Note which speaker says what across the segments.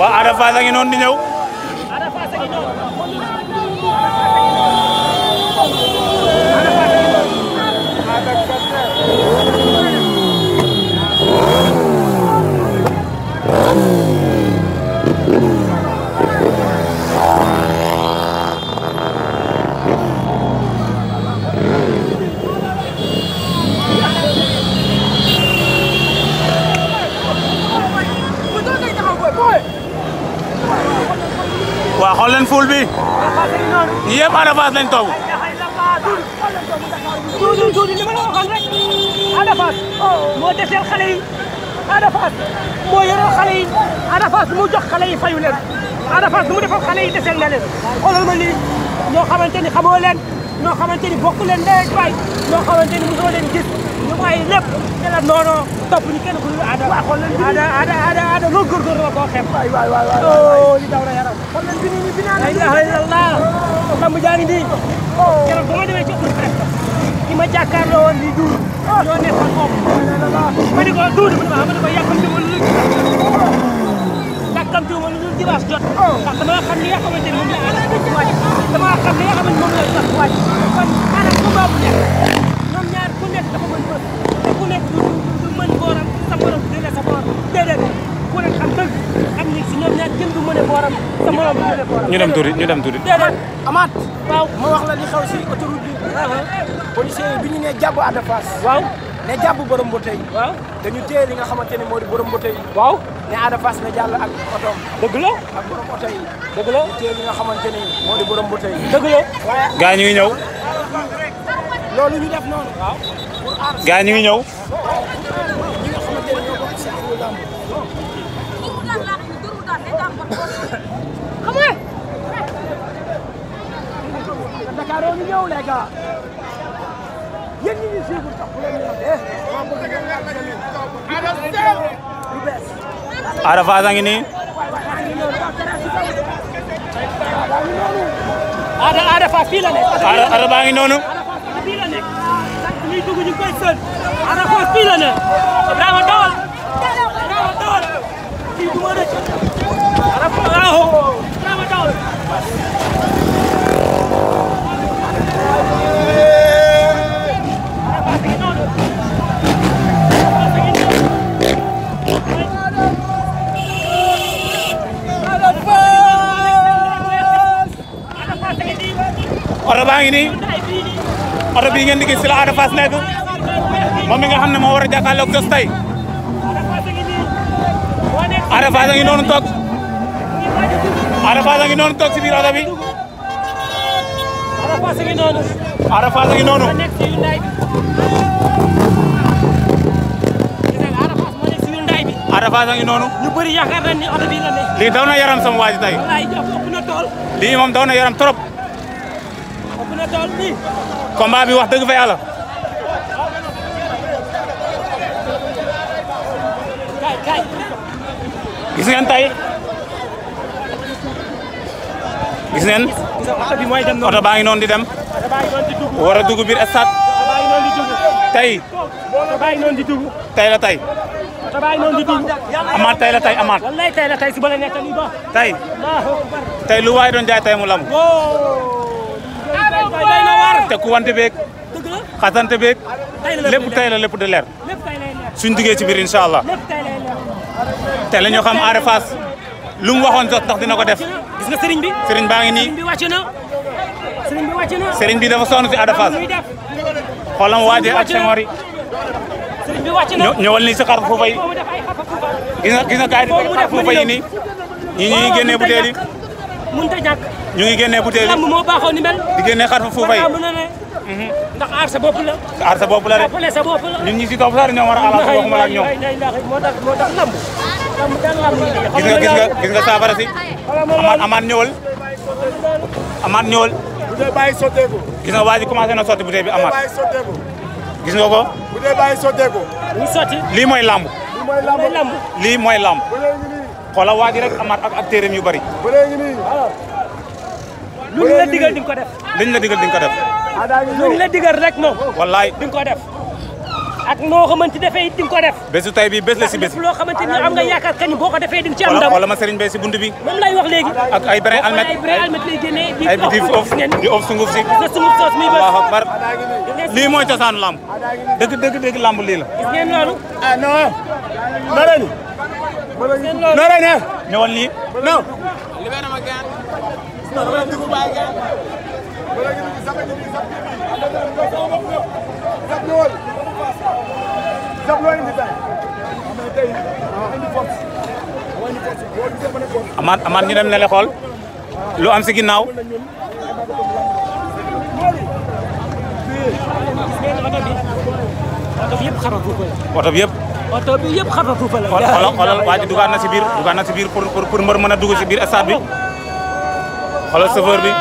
Speaker 1: waa Ada Fass a ngi
Speaker 2: noonu di ñëw ful bi yëpp Ada Fass lañ li
Speaker 1: ma la waxoon rek Ada moo deseel xale yi moo yoroo xale yi Ada mu jox xale fayu leen Ada Fass mu defal xale yi deseel na leen xoolal ma lii ñoo xamante xamoo leen ñoo xamante bokk leen ndey ak baay ñoo xamante leen gis ñu bàyyi lépp ne la topp ñu kenn ku ñu aada. waaw xool leen bi aada aada aada aada loolu góorgóorlu la koo xeeb. waay waay waay waay li oh, daw na yaram. xool leen bi ni ñu binaan la. la ilaha illallah. lamb jaa ngi nii. Oh. keroog ba ma demee ci ëpp presse. ki ma jàkkaarloo woon di duur. ñoo nekkoon moom. ma ne ko duur ma ne ko ah, yàq ñu dem tuuti ñu dem tuuti. amaat. waaw ma wax la li xew si autoroute bi. Ah, ah. policiers yi bi ñu nee jàpp Ada Fass. waaw ne jàpp borom mboote dañu téye li nga xamante ne moo di borom waaw ne Ada ne jàll ak otoom. dëgg la dëgg la ñu nga xamante ne moo di borom dëgg la. gaa ñu ngi ñëw. loolu ñu def noonu. waaw. gaa ñëw. Come on. Dakar ñu ñëw les gars. Yéen ñi ñu suivre sax bu leen ñëw.
Speaker 2: Ada Fass a ngi nii.
Speaker 1: Ada Ada Fass fii la nekk. Ada Ada baa ngi noonu. Ada Fass fii la nekk. Ñuy dugg ñu koy sën. Ada Fass fii la nekk. Ibrahima dawal.
Speaker 2: oto baa ngi nii oto bii ngeen di gis si la Ada Fass nekk moom mi nga xam ne moo war a jàkkaarloog Zoss tey
Speaker 1: Ada Fass a ngi noonu
Speaker 2: toog Ada Fass a ngi noonu toog si biir noonu. Ada noonu. lii daw yaram sama waa ji lii moom daw yaram trop. combat bi wax dëgg fa yàlla. gis ngeen gis ngeen oto baa ngi noon di dem war dugg biir stade tey tey la tey amaat tey la tey amaat tey tey lu waay doon jaay tey mu lamu te ku wante xasante beeg lépp tey la lépp di suñ duggee ci biir incha allah tey la ñu xam Ada lu mu waxoon sax tax dina ko def.
Speaker 1: gis na sëriñ bi sëriñ baa ngi nii sëriñ bi wàcc na sëriñ bi wàcc na. sëriñ bi dafa sonn si Ada Fass xoolam waajee ak Senghor yi. sëriñ bi wàcc na ñëwal nii
Speaker 2: si xar fuufa yi gis nga gis nga gars yi di xar fuufa yi nii ñii ñu ngi génnee butéel
Speaker 1: yi mënut a ñàkk
Speaker 2: ñu ngi génnee butéel yi lamb moo baaxoo ni mel di génnee xar fuufa yi
Speaker 1: mhm. ndax aar sa bopp la.
Speaker 2: aar sa bopp la de ñun ñi si topp sax ñoo war a alaat waxuma la ak ñoom
Speaker 1: moo tax moo tax lamb gis nga gis nga gis nga saafara si. amaat amaat ñëwal.
Speaker 2: amaat ñëwal. bu dee bàyyi sotteeku. gis nga waa na sotti bouteille bi amaat. gis nga ko. bu lii mooy làmb. lii mooy làmb. lii mooy rek amaat ak ak yu bari.
Speaker 1: bu dee lu ñu la digal di ko
Speaker 2: def. li ñu la digal di ko def.
Speaker 1: lu ñu la digal rek moom. di nga def. ak noo xamante defee it di nga ko def
Speaker 2: bésu tay bi bés la si bés loo
Speaker 1: xamante ni am nga yaakaar kañ boo ko defee di nga ci am ndam wala ma
Speaker 2: sëriñ bay si bunt bi
Speaker 1: moom lay wax léegi ak ay brin almet ay brin almet lay génnee di of di of sunguf si sa sunguf soos mi bés waaw bar lii mooy cosaanu lamb
Speaker 2: dëgg dëgg dëgg lamb lii la
Speaker 1: gis ngeen loolu ah non narani narani ñëwal nii non Thank you.
Speaker 2: amaat amaat ñu dem ne le lu am si
Speaker 1: oto bi yëpp xaratu fa
Speaker 2: la. oto bi yëpp. oto bi yëpp xaratu fa la. xoolal xoolal waa ji dugaat na mën a dugg si biir stade bi. xoolal ah, bi.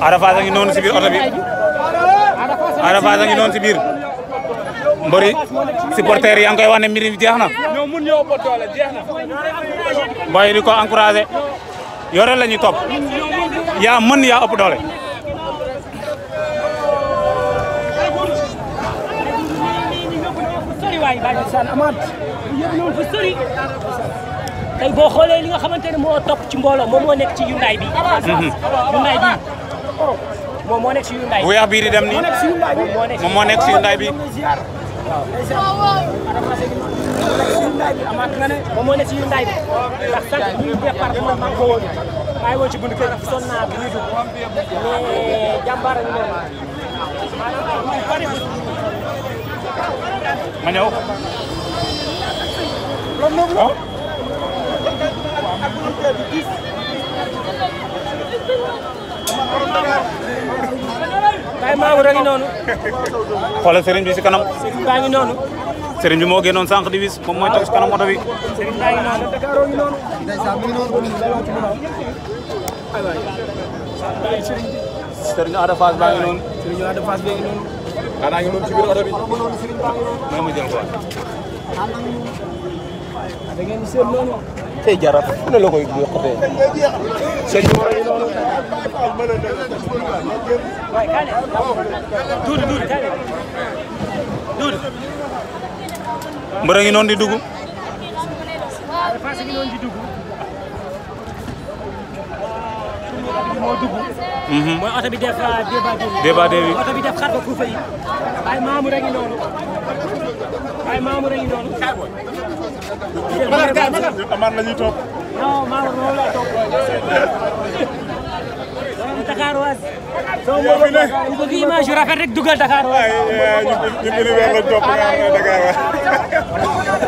Speaker 2: Arafa a ngi noonu si biir oto bi.
Speaker 1: Arafa a ngi noonu
Speaker 2: si mbëri supporters yi yaa ngi koy wax ne mbir mi jeex na. booy di ko encouragé yore la ñuy topp yaa mën yaa ëpp doole.
Speaker 1: tey boo xoolee li nga xamante ne moo topp ci mboolo moom moo nekk ci yundaay bi. Mhm. bi moom moo nekk ci yundaay bi. bu weex bii di dem nii moom moo nekk ci yundaay bi.
Speaker 2: ma ñëw. ah. waaw rek noonu. xoolal sëriñ bi si kanam.
Speaker 1: sëriñ baa ngi noonu.
Speaker 2: sëriñ bi moo génnoon sànq di wis moom mooy toog si kanam oto bi.
Speaker 1: sëriñ baa ngi noonu.
Speaker 2: sëriñ Ada Fass baa ngi noonu. sëriñ Ada Fass baa ngi noonu. xanaa ngi noonu ci biir oto bi. maa ma jël quoi.
Speaker 1: da ngeen seet noonu.
Speaker 2: tey jarab fu ne la koy joxatee.
Speaker 1: sëriñ bi moo ngi noonu. mbër a ngi noonu di duggu moo dugg. Mhm. mooy oto bi def ah, débat débat bi oto bi def Dakar waas. ku bëgg image yu rafet rek dugal Dakar waas. ñu ñu ñu ñu